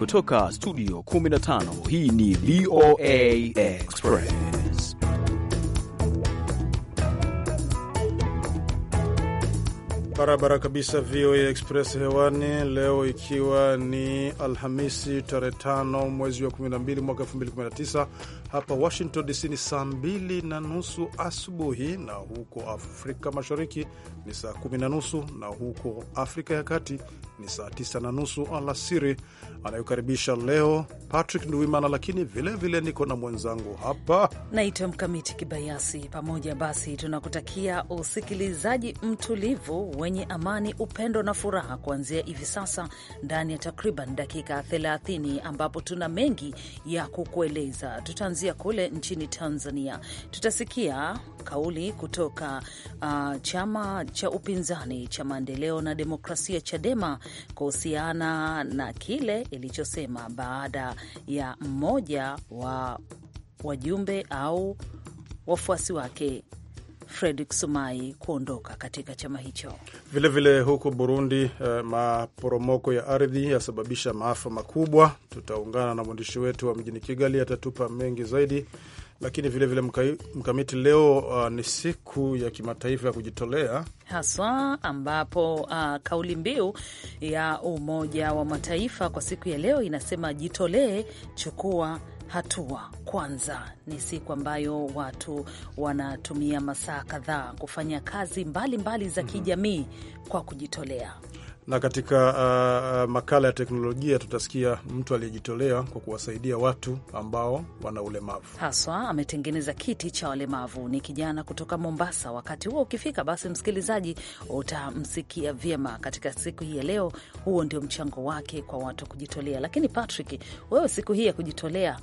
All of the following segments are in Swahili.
kutoka studio 15 hii ni VOA Express. Barabara kabisa, VOA Express hewani leo, ikiwa ni Alhamisi tarehe 5 mwezi wa 12 mwaka 2019 hapa Washington DC ni saa mbili na nusu asubuhi, na huko Afrika Mashariki ni saa kumi na nusu na huko Afrika ya Kati ni saa tisa na nusu alasiri. Anayokaribisha leo Patrick Nduwimana, lakini vilevile niko na mwenzangu hapa naitwa Mkamiti Kibayasi. Pamoja basi, tunakutakia usikilizaji mtulivu wenye amani, upendo na furaha kuanzia hivi sasa ndani ya takriban dakika 30 ambapo tuna mengi ya kukueleza Tutanzi tukianzia kule nchini Tanzania, tutasikia kauli kutoka uh, chama cha upinzani cha maendeleo na demokrasia Chadema kuhusiana na kile ilichosema baada ya mmoja wa wajumbe au wafuasi wake Fredrik Sumai kuondoka katika chama hicho. Vilevile vile huko Burundi, eh, maporomoko ya ardhi yasababisha maafa makubwa. Tutaungana na mwandishi wetu wa mjini Kigali, atatupa mengi zaidi lakini vilevile vile mkamiti leo uh, ni siku ya kimataifa ya kujitolea haswa, ambapo uh, kauli mbiu ya Umoja wa Mataifa kwa siku ya leo inasema jitolee, chukua hatua kwanza. Ni siku ambayo watu wanatumia masaa kadhaa kufanya kazi mbalimbali mbali za mhm. kijamii kwa kujitolea. Na katika uh, uh, makala ya teknolojia tutasikia mtu aliyejitolea kwa kuwasaidia watu ambao wana ulemavu, haswa ametengeneza kiti cha walemavu. Ni kijana kutoka Mombasa. Wakati huo ukifika, basi msikilizaji, utamsikia vyema katika siku hii ya leo. Huo ndio mchango wake kwa watu wa kujitolea. Lakini Patrick, wewe siku hii ya kujitolea,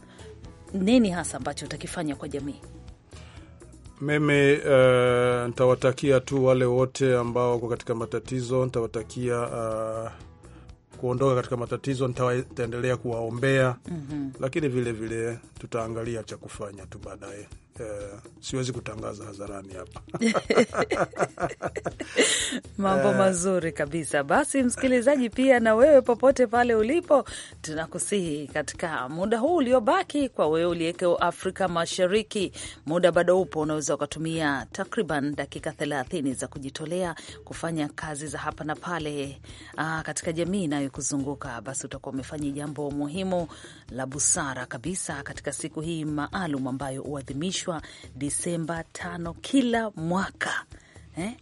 nini hasa ambacho utakifanya kwa jamii? Mimi uh, eh, ntawatakia tu wale wote ambao wako katika matatizo, ntawatakia uh, eh, kuondoka katika matatizo, ntaendelea kuwaombea mm -hmm. Lakini vilevile tutaangalia cha kufanya tu baadaye. Eh, siwezi kutangaza hadharani hapa mambo eh. mazuri kabisa. Basi msikilizaji, pia na wewe popote pale ulipo, tunakusihi katika muda huu uliobaki, kwa wewe uliyeko Afrika Mashariki, muda bado upo, unaweza ukatumia takriban dakika thelathini za kujitolea kufanya kazi za hapa na pale aa, ah, katika jamii inayokuzunguka. Basi utakuwa umefanya jambo muhimu la busara kabisa katika siku hii maalum ambayo huadhimishwa huadhimishwa Disemba tano kila mwaka eh?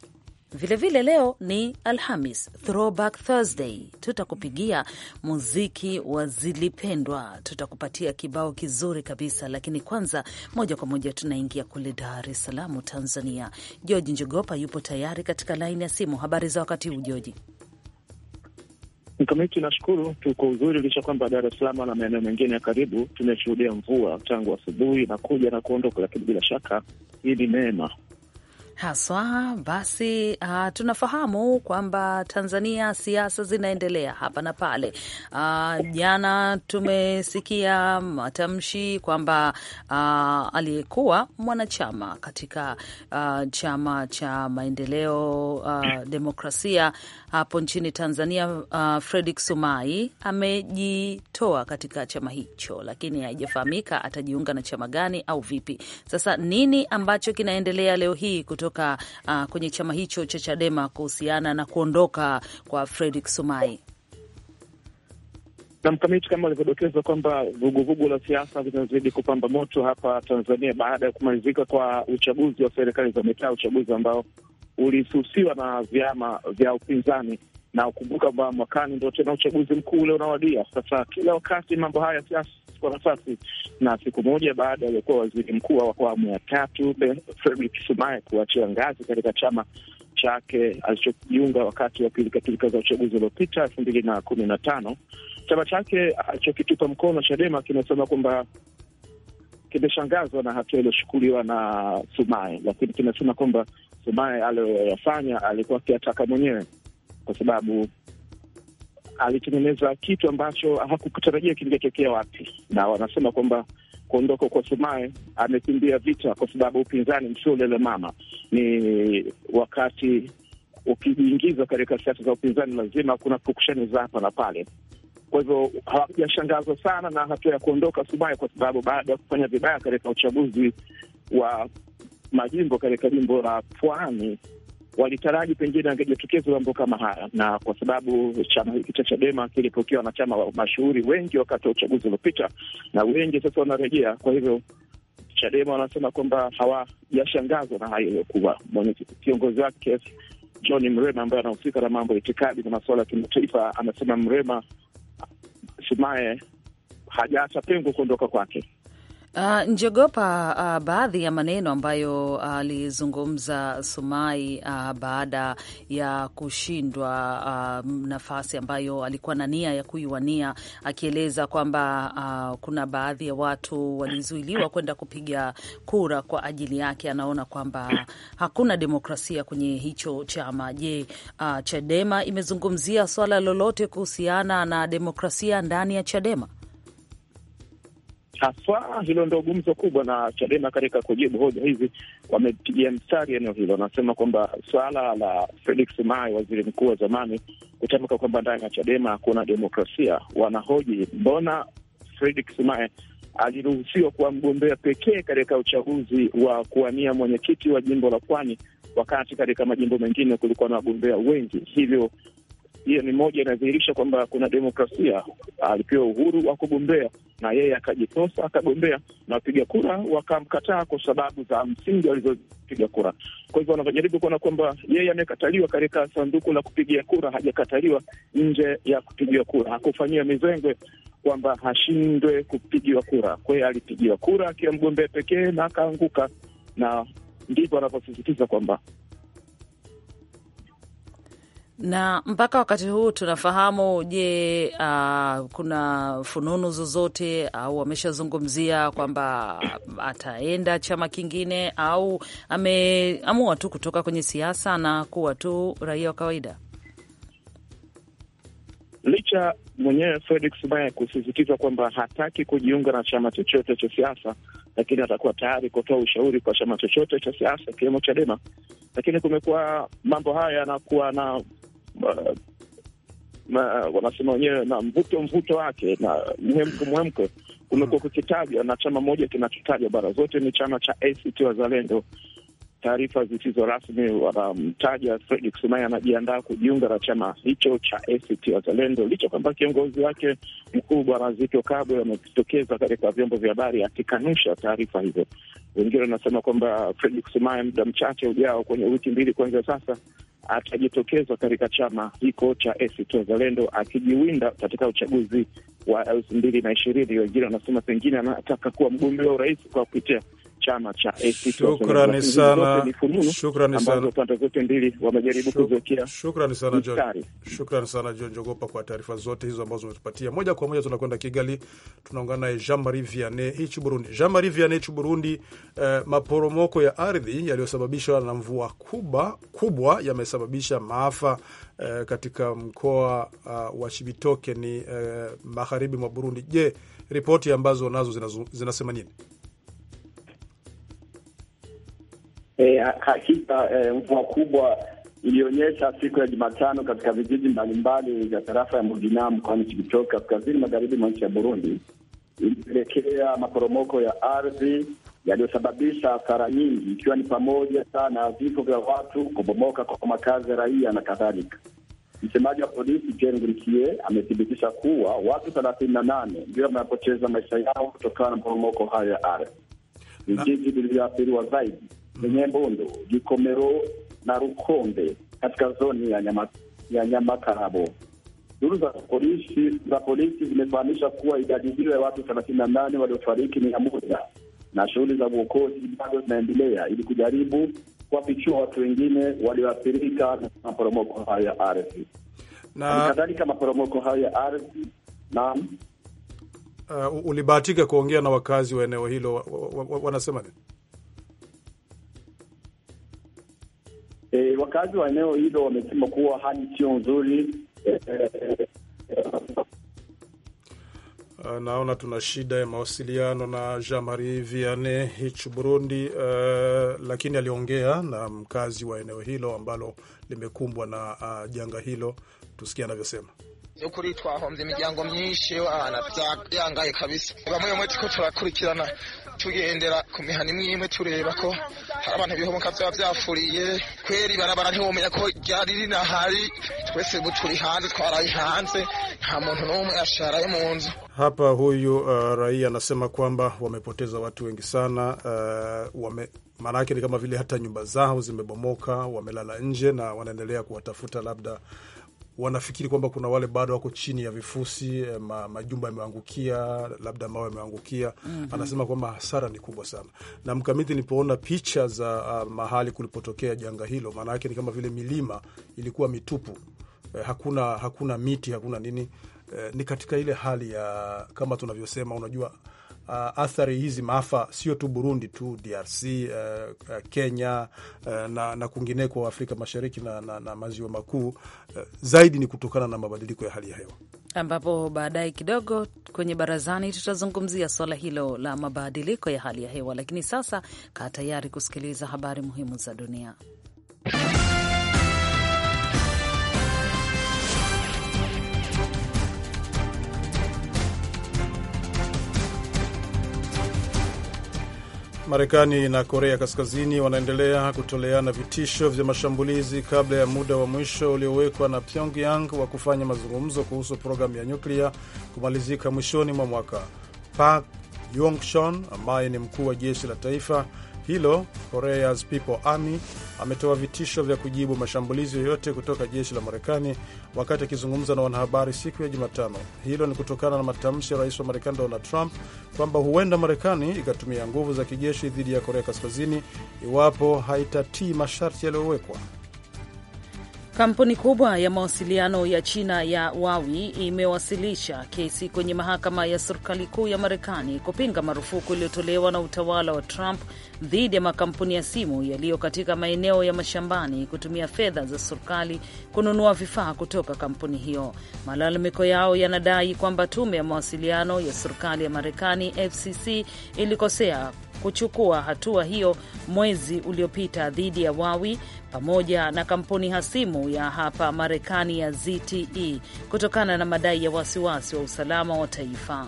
Vilevile vile leo ni Alhamis, Throwback Thursday. Tutakupigia muziki wa zilipendwa, tutakupatia kibao kizuri kabisa, lakini kwanza, moja kwa moja tunaingia kule Dar es Salaam, Tanzania. George Njogopa yupo tayari katika laini ya simu. Habari za wakati huu George? Mkamiti, nashukuru tuko uzuri licha kwamba Dar es Salaam na maeneo mengine ya karibu tumeshuhudia mvua tangu asubuhi na kuja na kuondoka, lakini bila shaka hii ni mema haswa. Basi uh, tunafahamu kwamba Tanzania siasa zinaendelea hapa na pale. Uh, jana tumesikia matamshi kwamba uh, aliyekuwa mwanachama katika uh, chama cha maendeleo uh, demokrasia hapo nchini Tanzania uh, Fredrick Sumai amejitoa katika chama hicho, lakini haijafahamika atajiunga na chama gani au vipi. Sasa nini ambacho kinaendelea leo hii kutoka uh, kwenye chama hicho cha Chadema kuhusiana na kuondoka kwa Fredrick sumai na mkamiti kama alivyodokeza kwamba vuguvugu la siasa vinazidi kupamba moto hapa Tanzania baada ya kumalizika kwa uchaguzi wa serikali za mitaa, uchaguzi ambao ulisusiwa na vyama vya upinzani na ukumbuka kwamba mwakani ndo tena uchaguzi mkuu ule unawadia. Sasa kila wakati mambo haya siasa kwa nafasi, na siku moja baada ya aliyekuwa waziri mkuu wa awamu ya tatu Frederick Sumaye kuachia ngazi katika chama chake alichojiunga wakati wa pilikapilika za uchaguzi uliopita elfu mbili na kumi na tano, chama chake alichokitupa mkono Chadema kimesema kwamba kimeshangazwa na hatua iliyoshukuliwa na Sumaye, lakini kinasema kwamba Sumaye aliyoyafanya alikuwa akiyataka mwenyewe kwa sababu alitengeneza kitu ambacho hakukutarajia kingetokea wapi, na wanasema kwamba kuondoka kwa Sumaye amekimbia vita, kwa sababu upinzani msio mama ni wakati ukijiingiza katika siasa za upinzani lazima kuna pukushani za hapa na pale. Kwa hivyo hawajashangazwa sana na hatua ya kuondoka Sumaye, kwa sababu baada ya kufanya vibaya katika uchaguzi wa majimbo katika jimbo la Pwani walitaraji pengine angejitokeza mambo kama haya, na kwa sababu chama hiki cha Chadema kilipokiwa wanachama mashuhuri wengi wakati wa uchaguzi uliopita, na wengi sasa wanarejea. Kwa hivyo Chadema wanasema kwamba hawajashangazwa na hayo iliyokuwa kiongozi wake John Mrema ambaye anahusika na mambo ya itikadi na masuala ya kimataifa. Anasema Mrema simaye hajaacha pengo kuondoka kwake. Uh, njogopa uh, baadhi ya maneno ambayo ah, alizungumza uh, Sumai uh, baada ya kushindwa uh, nafasi ambayo alikuwa na nia ya kuiwania, akieleza kwamba uh, kuna baadhi ya watu walizuiliwa kwenda kupiga kura kwa ajili yake. Anaona kwamba hakuna demokrasia kwenye hicho chama. Je, uh, Chadema imezungumzia swala lolote kuhusiana na demokrasia ndani ya Chadema? haswa hilo ndo gumzo kubwa, na Chadema katika kujibu hoja hizi wamepigia mstari eneo hilo. Wanasema kwamba swala la Felix Mai, waziri mkuu wa zamani, kutamka kwamba ndani ya Chadema hakuna demokrasia, wanahoji mbona Felix Mai aliruhusiwa kuwa mgombea pekee katika uchaguzi wa kuwania mwenyekiti wa jimbo la Pwani, wakati katika majimbo mengine kulikuwa na wagombea wengi. Hivyo hiyo ni moja inadhihirisha kwamba kuna demokrasia. Alipewa uhuru wa kugombea na yeye akajitosa akagombea, na wapiga kura wakamkataa kwa sababu za msingi walizopiga kura. Kwa hivyo wanavyojaribu kuona kwamba yeye amekataliwa katika sanduku la kupigia kura, hajakataliwa nje ya kupigiwa kura, hakufanyiwa mizengwe kwamba hashindwe kupigiwa kura. Kwa hiyo alipigiwa kura akiwa mgombea pekee na akaanguka, na ndivyo wanavyosisitiza kwamba na mpaka wakati huu tunafahamu. Je, uh, kuna fununu zozote au ameshazungumzia kwamba ataenda chama kingine au ameamua tu kutoka kwenye siasa na kuwa tu raia wa kawaida? licha mwenyewe Felix Sumaye kusisitiza kwamba hataki kujiunga na chama chochote cha siasa, lakini atakuwa tayari kutoa ushauri kwa chama chochote cha siasa ikiwemo Chadema. Lakini kumekuwa mambo haya yanakuwa uh, na wanasema wenyewe na mvuto mvuto wake na mhemko mhemko kumekuwa kukitajwa na chama moja kinachotajwa bara zote ni chama cha ACT Wazalendo taarifa zisizo rasmi wanamtaja Fredrick Sumaye anajiandaa kujiunga na chama hicho cha ACT Wazalendo, licha kwamba kiongozi wake mkuu Bwana Zito Kabwe amejitokeza katika vyombo vya habari akikanusha taarifa hizo. Wengine wanasema kwamba Fredrick Sumaye muda mchache ujao, kwenye wiki mbili kuanzia sasa, atajitokeza katika chama hiko cha ACT Wazalendo akijiwinda katika uchaguzi wa elfu mbili na ishirini. Wengine wanasema pengine anataka kuwa mgombea wa urais kwa kupitia chama cha ACT. Shukrani sana, shukrani sana pande zote mbili wamejaribu kuzokea. Shukrani sana John, shukrani sana John Jogopa kwa taarifa zote hizo ambazo umetupatia. Moja kwa moja tunakwenda Kigali, tunaungana naye Jean Marie Vianney hichi Burundi. Jean Marie Vianney hichi Burundi, eh, maporomoko ya ardhi yaliyosababishwa na mvua kubwa kubwa yamesababisha maafa eh, katika mkoa uh, wa Chibitoke ni eh, magharibi mwa Burundi. Je, ripoti ambazo nazo zinasema nini? E, hakika e, mvua kubwa ilionyesha siku ya Jumatano katika vijiji mbalimbali vya tarafa ya Mugina mkoani Cibitoke kaskazini magharibi mwa nchi ya Burundi ilipelekea maporomoko ya ardhi yaliyosababisha hasara nyingi, ikiwa ni pamoja na vifo vya watu, kubomoka kwa makazi ya raia na kadhalika. Msemaji wa polisi Jen Ngurikie amethibitisha kuwa watu thelathini na nane ndio wamepoteza maisha yao kutokana na maporomoko hayo ya ardhi. Vijiji vilivyoathiriwa zaidi Bunyembondo, Gikomero na Rukombe katika zoni ya nyama, ya Nyamakabo. Duru za polisi za polisi zimefahamisha kuwa idadi hiyo ya watu thelathini na nane waliofariki ni ya moja, na shughuli za uokozi bado zinaendelea ili kujaribu kuwafichua watu wengine walioathirika na maporomoko hayo ya ardhi na kadhalika maporomoko hayo ya ardhi na uh, ulibahatika kuongea na wakazi wa eneo hilo, wanasema nini? E, wakazi wa eneo hilo wamesema kuwa hali sio nzuri. E, e, e. Uh, naona tuna shida ya mawasiliano na Jean Marie Viane hichi Burundi. Uh, lakini aliongea na mkazi wa eneo hilo ambalo limekumbwa na uh, janga hilo, tusikie anavyosema. ukuri twahomvye imiryango myinshi ah, kabisa bamwe mwe tuko turakurikirana tugendera ku mihana imwe imwe tureba ko hari abantu ibihoboka byaba byafuriye kweri barabara ntiwomenya ko ryari rinahari twese turi hanze twaraye hanze nta muntu n'umwe asharaye mu nzu hapa. Huyu uh, raia anasema kwamba wamepoteza watu wengi sana uh, wame maanake ni kama vile hata nyumba zao zimebomoka, wamelala nje na wanaendelea kuwatafuta labda wanafikiri kwamba kuna wale bado wako chini ya vifusi, eh, ma, majumba yameangukia, labda mawe yameangukia. mm -hmm. Anasema kwamba hasara ni kubwa sana, na mkamiti, nilipoona picha za uh, mahali kulipotokea janga hilo, maana yake ni kama vile milima ilikuwa mitupu eh, hakuna, hakuna miti hakuna nini eh, ni katika ile hali ya kama tunavyosema, unajua uh, athari hizi maafa sio tu Burundi tu, DRC, uh, uh, Kenya, uh, na, na kwingineko Afrika Mashariki na, na, na maziwa makuu uh, zaidi ni kutokana na mabadiliko ya hali ya hewa, ambapo baadaye kidogo kwenye barazani tutazungumzia swala hilo la mabadiliko ya hali ya hewa, lakini sasa kaa tayari kusikiliza habari muhimu za dunia. Marekani na Korea Kaskazini wanaendelea kutoleana vitisho vya mashambulizi kabla ya muda wa mwisho uliowekwa na Pyongyang wa kufanya mazungumzo kuhusu programu ya nyuklia kumalizika mwishoni mwa mwaka. Park Yongshon ambaye ni mkuu wa jeshi la taifa hilo, Korea's People Army ametoa vitisho vya kujibu mashambulizi yoyote kutoka jeshi la Marekani wakati akizungumza na wanahabari siku ya Jumatano. Hilo ni kutokana na matamshi ya rais wa Marekani Donald Trump kwamba huenda Marekani ikatumia nguvu za kijeshi dhidi ya Korea Kaskazini iwapo haitatii masharti yaliyowekwa. Kampuni kubwa ya mawasiliano ya China ya Huawei imewasilisha kesi kwenye mahakama ya serikali kuu ya Marekani kupinga marufuku iliyotolewa na utawala wa Trump dhidi ya makampuni ya simu yaliyo katika maeneo ya mashambani kutumia fedha za serikali kununua vifaa kutoka kampuni hiyo. Malalamiko yao yanadai kwamba tume ya mawasiliano ya serikali ya Marekani FCC ilikosea kuchukua hatua hiyo mwezi uliopita dhidi ya Huawei pamoja na kampuni hasimu ya hapa Marekani ya ZTE kutokana na madai ya wasiwasi wa usalama wa taifa.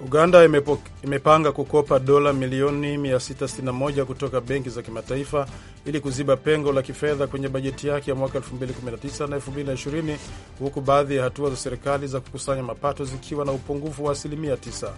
Uganda imepo, imepanga kukopa dola milioni 661 kutoka benki za kimataifa ili kuziba pengo la kifedha kwenye bajeti yake ya mwaka 2019 na 2020, huku baadhi ya hatua za serikali za kukusanya mapato zikiwa na upungufu wa asilimia 9,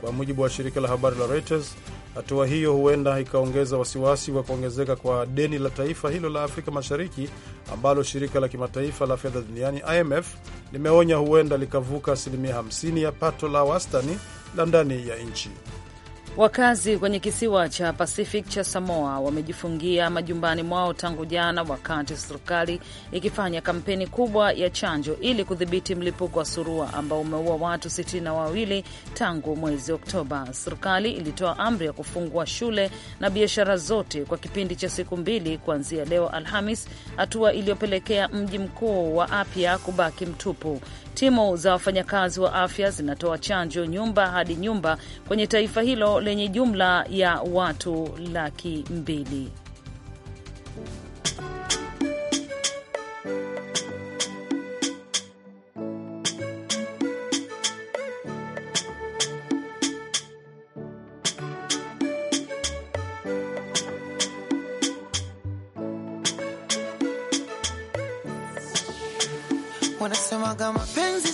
kwa mujibu wa shirika la habari la Reuters. Hatua hiyo huenda ikaongeza wasiwasi wa kuongezeka kwa deni la taifa hilo la Afrika Mashariki ambalo shirika la kimataifa la fedha duniani IMF limeonya huenda likavuka asilimia 50 ya pato la wastani la ndani ya nchi. Wakazi kwenye kisiwa cha Pacific cha Samoa wamejifungia majumbani mwao tangu jana, wakati serikali ikifanya kampeni kubwa ya chanjo ili kudhibiti mlipuko wa surua ambao umeua watu sitini na wawili tangu mwezi Oktoba. Serikali ilitoa amri ya kufungua shule na biashara zote kwa kipindi cha siku mbili kuanzia leo Alhamis, hatua iliyopelekea mji mkuu wa Apia kubaki mtupu. Timu za wafanyakazi wa afya zinatoa chanjo nyumba hadi nyumba kwenye taifa hilo lenye jumla ya watu laki mbili.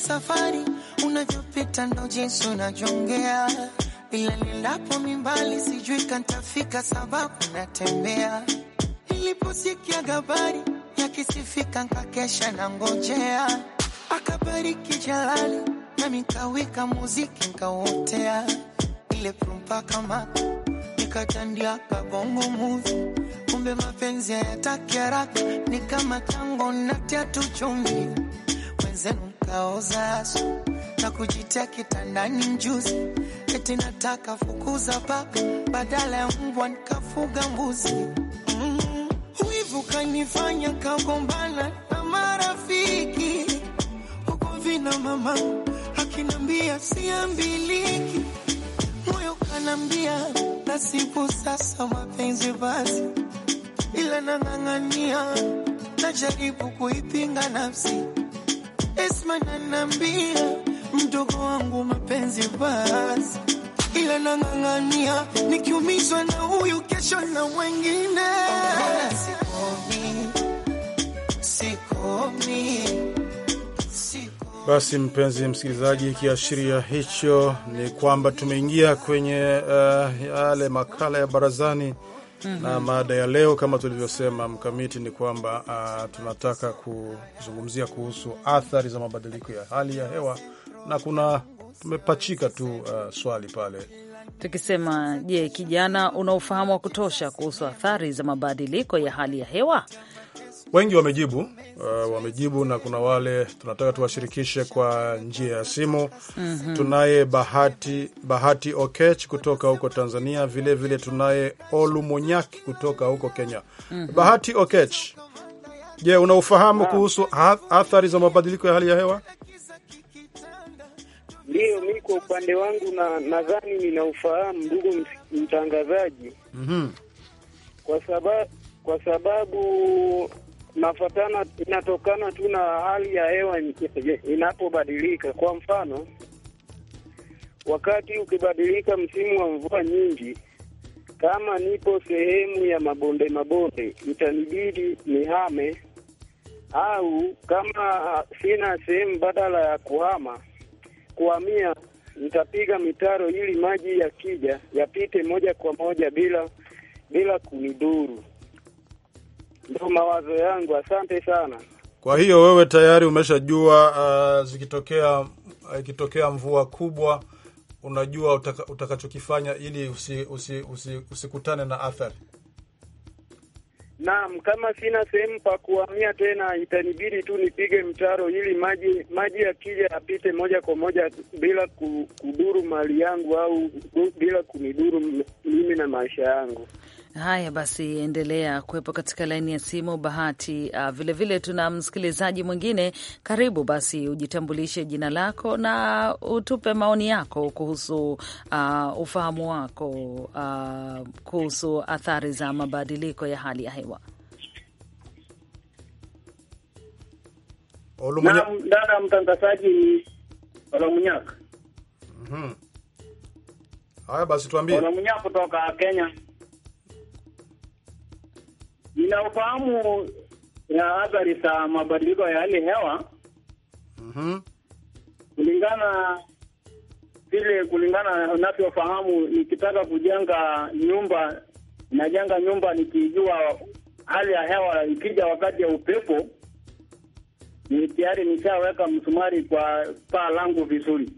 safari, unavyopita ndo jinsi unajongea, ila nilapo mimbali sijui kantafika, sababu natembea. Niliposikia habari yakisifika, nkakesha na ngojea, akabariki Jalali na mikawika muziki nkaotea, ile prumpaka kama nikatandia kabongo muvi Kumbe mapenzi hayataki haraka, ni kama tango na tu chumvi mwenzenu kaoza na kujitia kitandani mjuzi, eti nataka fukuza paka badala ya mbwa nikafuga mbuzi. Mm, kanifanya kagombana na marafiki huko vina mama akinambia siambiliki, moyo kanambia nasibu sasa mapenzi basi, ila nang'ang'ania najaribu kuipinga nafsi Esma nanambia mdogo wangu mapenzi basi, ila nang'ang'ania nikiumizwa na huyu kesho na mwengine basi mpenzi msikilizaji, kiashiria hicho ni kwamba tumeingia kwenye uh, yale makala ya barazani -hmm. Na mada ya leo kama tulivyosema mkamiti ni kwamba uh, tunataka kuzungumzia kuhusu athari za mabadiliko ya hali ya hewa, na kuna tumepachika tu uh, swali pale tukisema, je, kijana una ufahamu wa kutosha kuhusu athari za mabadiliko ya hali ya hewa? Wengi wamejibu uh, wamejibu na kuna wale tunataka tuwashirikishe kwa njia ya simu mm -hmm. Tunaye Bahati, Bahati Okech kutoka huko Tanzania, vilevile tunaye Monyaki kutoka huko Kenya mm -hmm. Bahati Okech, je, unaufahamu ah. kuhusu athari za mabadiliko ya hali ya hewa? Ndiyo, mi kwa upande wangu na nadhani ninaufahamu ndugu mtangazaji mm -hmm. kwa sababu kwa sababu Nafatana, inatokana tu na hali ya hewa inapobadilika. Kwa mfano, wakati ukibadilika msimu wa mvua nyingi, kama nipo sehemu ya mabonde mabonde, itanibidi nihame, au kama sina sehemu badala ya kuhama kuhamia, nitapiga mitaro ili maji yakija yapite moja kwa moja bila bila kunidhuru. Ndio mawazo yangu, asante sana. Kwa hiyo wewe tayari umeshajua, uh, zikitokea uh, ikitokea uh, mvua kubwa, unajua utaka, utakachokifanya ili usikutane usi, usi, usi na athari. Naam, kama sina sehemu pa kuhamia tena, itanibidi tu nipige mtaro ili maji maji yakija yapite moja kwa moja bila kuduru mali yangu au bila kuniduru mimi na maisha yangu. Haya basi, endelea kuwepo katika laini ya simu Bahati. Vilevile ah, vilevile tuna msikilizaji mwingine. Karibu basi, ujitambulishe jina lako na utupe maoni yako kuhusu uh, ufahamu wako uh, kuhusu athari za mabadiliko ya hali ya hewa. Dada mtangazaji Olamunyaka. Mhm. Haya basi, tuambie kutoka Kenya ninaofahamu ya athari za mabadiliko ya hali hewa mm-hmm. kulingana vile, kulingana unavyofahamu, nikitaka kujenga nyumba najenga nyumba nikijua hali ya hewa ikija wakati ya upepo ni tayari nishaweka msumari kwa paa langu vizuri.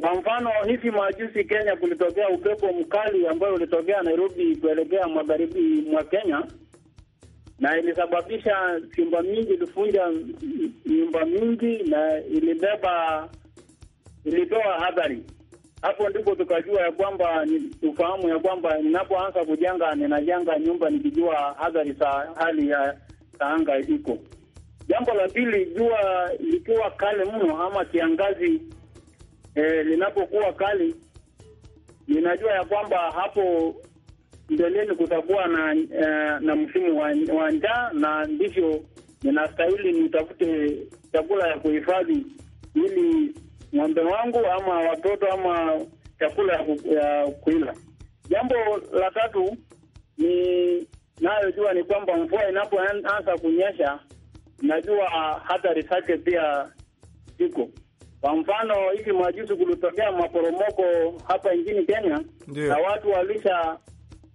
Kwa mfano, hivi majuzi Kenya kulitokea upepo mkali ambayo ulitokea Nairobi kuelekea magharibi mwa Kenya na ilisababisha nyumba mingi, ilifunja nyumba mingi na ilibeba, ilitoa hadhari. Hapo ndipo tukajua ya kwamba ufahamu ya kwamba ninapoanza kujenga, ninajenga nyumba nikijua hadhari za hali ya anga iko. Jambo la pili, jua likiwa kali mno ama kiangazi eh, linapokuwa kali, ninajua ya kwamba hapo mbeleni kutakuwa na uh, na msimu wa njaa, na ndivyo ninastahili nitafute chakula ya kuhifadhi ili ng'ombe wangu ama watoto ama chakula ya kuila. Jambo la tatu ni nayojua ni kwamba mvua inapoanza kunyesha, najua hatari zake pia ziko. Kwa mfano, hivi majuzi kulitokea maporomoko hapa nchini Kenya. na watu walisha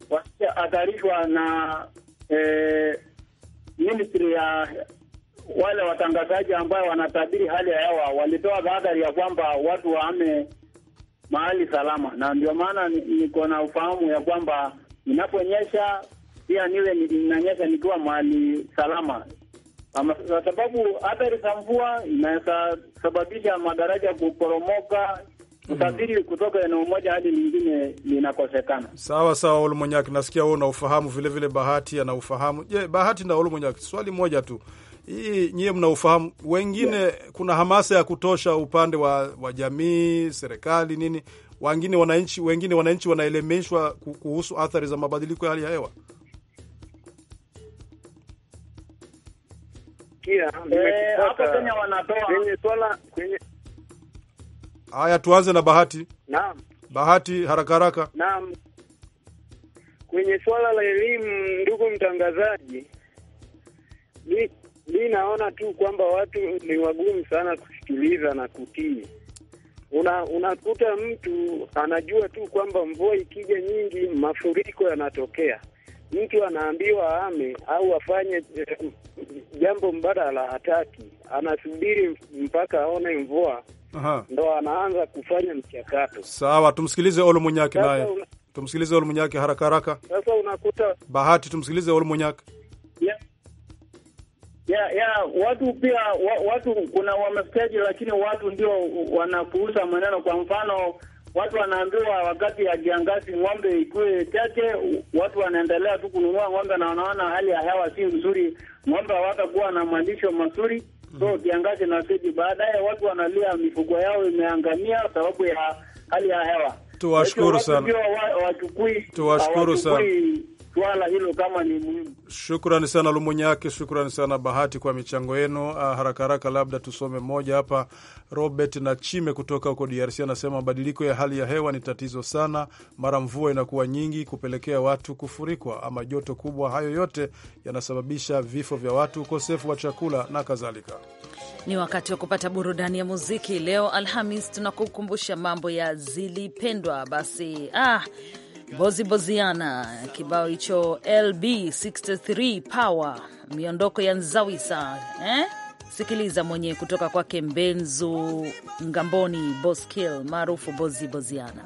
wasiadharishwa na eh, ministry ya wale watangazaji ambayo wanatabiri hali ya hewa walitoa tahadhari ya kwamba watu waame mahali salama, na ndio maana niko na ufahamu ya kwamba inaponyesha pia niwe inanyesha nikiwa mahali salama, kwa sababu athari za mvua inaweza sababisha madaraja kuporomoka, Mm. usafiri kutoka eneo moja hadi lingine linakosekana. Sawa sawa, Olmonyak, nasikia wewe unaufahamu vile vile, Bahati anaufahamu. Je, Bahati na Olmonyak, swali moja tu hii, nyie mnaufahamu wengine, yeah. Kuna hamasa ya kutosha upande wa, wa jamii, serikali, nini, wengine wananchi, wengine wananchi wanaelemeshwa kuhusu athari za mabadiliko ya hali ya hewa yeah, eh, hapo Kenya wanatoa kwenye swala kwenye Haya, tuanze na Bahati. Naam, Bahati, haraka haraka. Naam, kwenye swala la elimu, ndugu mtangazaji, mi, mi naona tu kwamba watu ni wagumu sana kusikiliza na kutii. Una, unakuta mtu anajua tu kwamba mvua ikija nyingi mafuriko yanatokea, mtu anaambiwa ame au afanye eh, jambo mbadala, hataki, anasubiri mpaka aone mvua Ndo anaanza kufanya mchakato. Sawa, tumsikilize Olu Munyaki naye. Una... Tumsikilize Olu Munyaki haraka haraka. Sasa unakuta Bahati, tumsikilize Olu Munyaki. Yeah. Ya, ya watu pia wa, watu kuna wamestaji, lakini watu ndio wanapuuza maneno. Kwa mfano, watu wanaambiwa wakati ya kiangazi ng'ombe ikue chache, watu wanaendelea tu kununua ng'ombe na wanaona hali ya hewa si nzuri, ng'ombe hawatakuwa na malisho mazuri so kiangazi na sidi. Baadaye watu wanalia mifugo yao imeangamia sababu ya hali ya hewa. Tuwashukuru sana, tuwashukuru sana swala hilo kama ni muhimu. Shukrani sana Lumunyake, shukrani sana Bahati kwa michango yenu. Ah, haraka haraka, labda tusome moja hapa. Robert Nachime kutoka huko DRC anasema mabadiliko ya hali ya hewa ni tatizo sana, mara mvua inakuwa nyingi kupelekea watu kufurikwa ama joto kubwa. Hayo yote yanasababisha vifo vya watu, ukosefu wa chakula na kadhalika. Ni wakati wa kupata burudani ya muziki leo Alhamis, tunakukumbusha mambo ya zilipendwa. Basi ah Bozi Boziana kibao hicho LB 63 power miondoko ya Nzawisa eh? Sikiliza mwenyewe kutoka kwake Mbenzu Ngamboni Boskill maarufu Bozi Boziana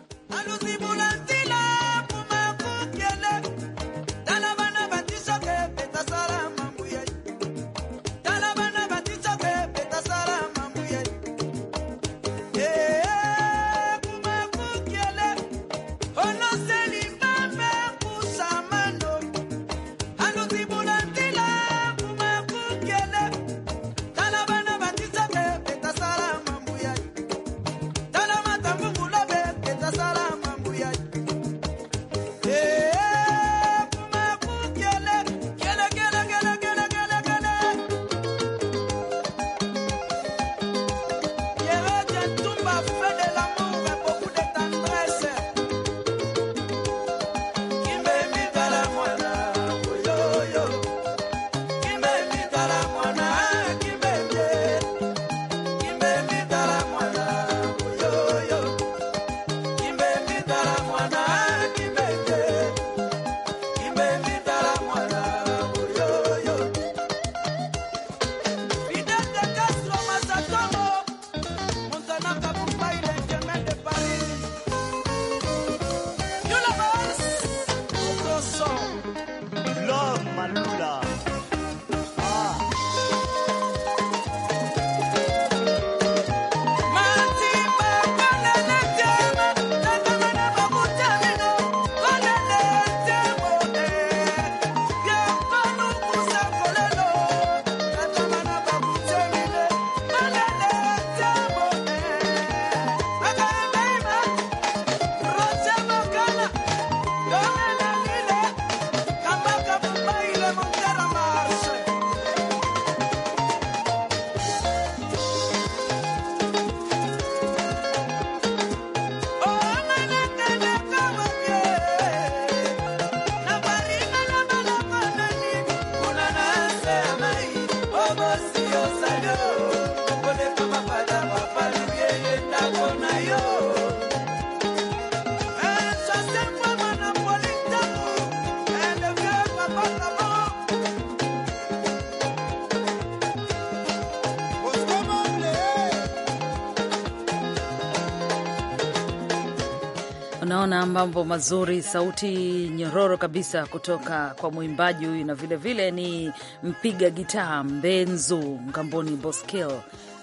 mambo mazuri, sauti nyororo kabisa kutoka kwa mwimbaji huyu, na vilevile ni mpiga gitaa Mbenzu ngamboni Boskel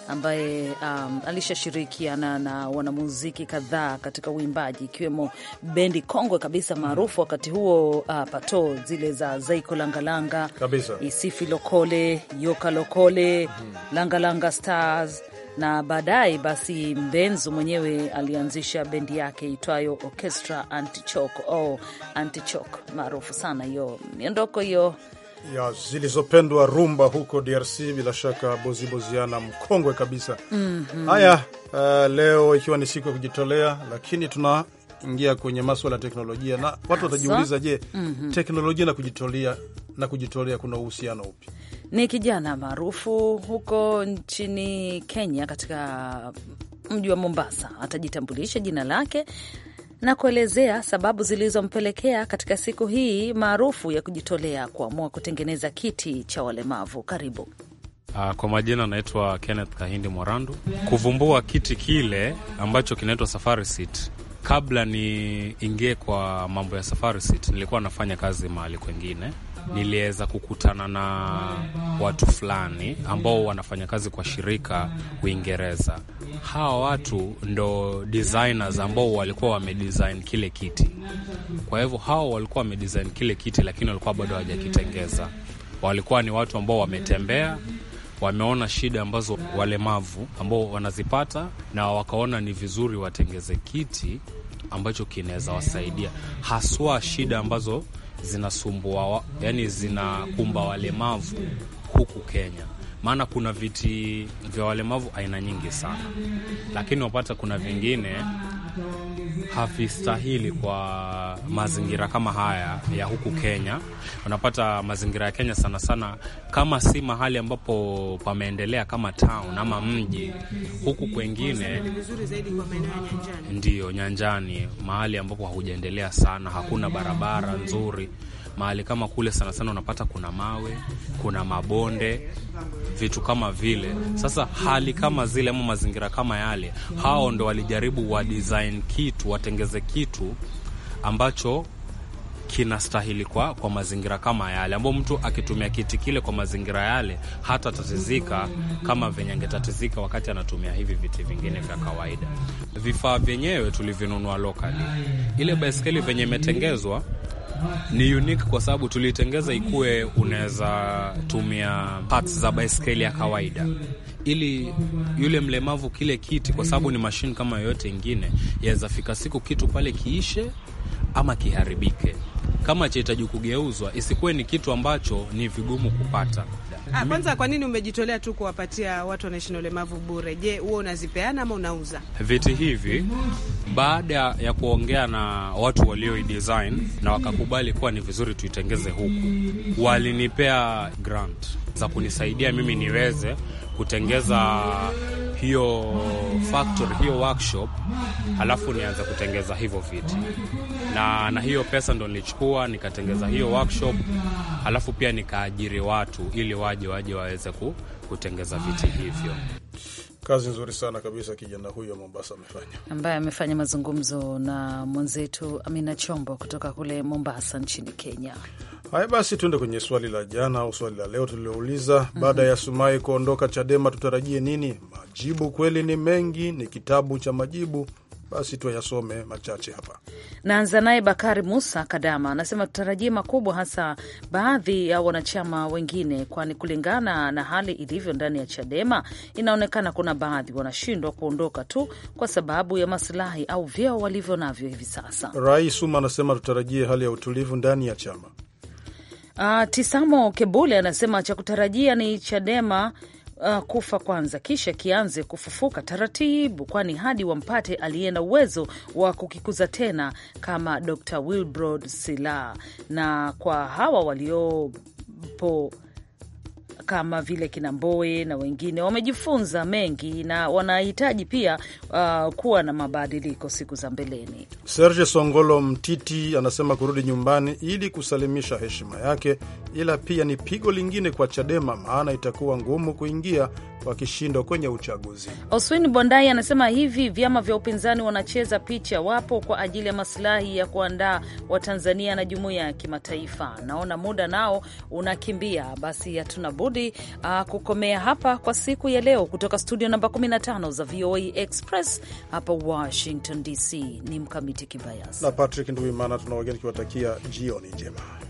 ambaye um, alishashirikiana na wanamuziki kadhaa katika uimbaji ikiwemo bendi kongwe kabisa maarufu mm. wakati huo uh, pato zile za Zaiko Langalanga Isifi Lokole, Yoka Lokole, mm -hmm. Langalanga Stars na baadaye basi Mbenzu mwenyewe alianzisha bendi yake itwayo Orchestra Antichok au oh, Antichok maarufu sana hiyo miondoko hiyo ya zilizopendwa rumba huko DRC. Bila shaka boziboziana mkongwe kabisa. mm -hmm. Haya, uh, leo ikiwa ni siku ya kujitolea, lakini tuna ingia kwenye maswala ya teknolojia na watu watajiuliza, je, mm -hmm. teknolojia na kujitolea na kujitolea kuna uhusiano upi? Ni kijana maarufu huko nchini Kenya, katika mji wa Mombasa, atajitambulisha jina lake na kuelezea sababu zilizompelekea katika siku hii maarufu ya kujitolea kuamua kutengeneza kiti cha walemavu. Karibu. Ah, kwa majina naitwa Kenneth Kahindi Mwarandu. Kuvumbua kiti kile ambacho kinaitwa Safari Seat Kabla ni ingie kwa mambo ya Safari sit, nilikuwa nafanya kazi mahali kwengine niliweza kukutana na watu fulani ambao wanafanya kazi kwa shirika Uingereza. Hawa watu ndo designers ambao walikuwa wamedesign kile kiti. Kwa hivyo hawa walikuwa wamedesign kile kiti, lakini walikuwa bado hawajakitengeza. Walikuwa ni watu ambao wametembea wameona shida ambazo walemavu ambao wanazipata na wakaona ni vizuri watengeze kiti ambacho kinaweza wasaidia haswa shida ambazo zinasumbua yani zinakumba walemavu huku Kenya, maana kuna viti vya walemavu aina nyingi sana, lakini wapata kuna vingine havistahili kwa mazingira kama haya ya huku Kenya. Unapata mazingira ya Kenya sana sana, kama si mahali ambapo pameendelea kama town ama mji, huku kwengine ndiyo nyanjani, mahali ambapo haujaendelea sana, hakuna barabara nzuri mahali kama kule sana sana unapata kuna mawe, kuna mabonde, vitu kama vile. Sasa hali kama zile ama mazingira kama yale, hao ndo walijaribu wa design kitu, watengeze kitu ambacho kinastahili kwa, kwa mazingira kama yale, ambao mtu akitumia kiti kile kwa mazingira yale hata tatizika kama venye angetatizika wakati anatumia hivi viti vingine vya kawaida. Vifaa vyenyewe tulivinunua lokali, ile baiskeli venye imetengezwa ni unique kwa sababu tulitengeza ikuwe unaweza tumia parts za baiskeli ya kawaida ili yule mlemavu kile kiti, kwa sababu ni mashine kama yoyote ingine, yaweza fika siku kitu pale kiishe ama kiharibike. Kama chahitaji kugeuzwa, isikuwe ni kitu ambacho ni vigumu kupata. Ah, kwanza kwa nini umejitolea tu kuwapatia watu wanaishi na ulemavu bure? Je, huo unazipeana ama unauza viti hivi? Baada ya kuongea na watu design na wakakubali kuwa ni vizuri tuitengeze huku, walinipea grant za kunisaidia mimi niweze kutengeza hiyo factory, hiyo workshop, halafu nianza kutengeza hivyo viti na, na hiyo pesa ndo nilichukua nikatengeza hiyo workshop, halafu pia nikaajiri watu ili waje waje waweze kutengeza viti hivyo. Kazi nzuri sana kabisa kijana huyo Mombasa amefanya, ambaye amefanya mazungumzo na mwenzetu Amina Chombo kutoka kule Mombasa nchini Kenya. Haya basi, tuende kwenye swali la jana au swali la leo tulilouliza, baada mm -hmm. ya mhm. Sumai kuondoka Chadema tutarajie nini? Majibu kweli ni mengi, ni kitabu cha majibu basi tuyasome machache hapa. Naanza naye Bakari Musa Kadama, anasema tutarajie makubwa, hasa baadhi ya wanachama wengine, kwani kulingana na hali ilivyo ndani ya Chadema inaonekana kuna baadhi wanashindwa kuondoka tu kwa sababu ya masilahi au vyeo walivyo navyo hivi sasa. Rais Uma anasema tutarajie hali ya utulivu ndani ya chama. Uh, Tisamo Kebule anasema cha kutarajia ni Chadema uh, kufa kwanza, kisha kianze kufufuka taratibu, kwani hadi wampate aliye na uwezo wa kukikuza tena kama Dr. Wilbrod Sila. Na kwa hawa waliopo kama vile kina Mboe na wengine wamejifunza mengi na wanahitaji pia uh, kuwa na mabadiliko siku za mbeleni. Serge Songolo Mtiti anasema kurudi nyumbani ili kusalimisha heshima yake, ila pia ni pigo lingine kwa Chadema, maana itakuwa ngumu kuingia wakishindwa kwenye uchaguzi. Oswin Bondai anasema hivi vyama vya upinzani wanacheza picha, wapo kwa ajili ya masilahi ya kuandaa Watanzania na jumuiya ya kimataifa. Naona muda nao unakimbia, basi hatuna budi uh, kukomea hapa kwa siku ya leo. Kutoka studio namba 15 za VOA Express hapa Washington DC, ni Mkamiti Kibayasi na Patrick Nduimana, tunawageni kiwatakia jioni njema.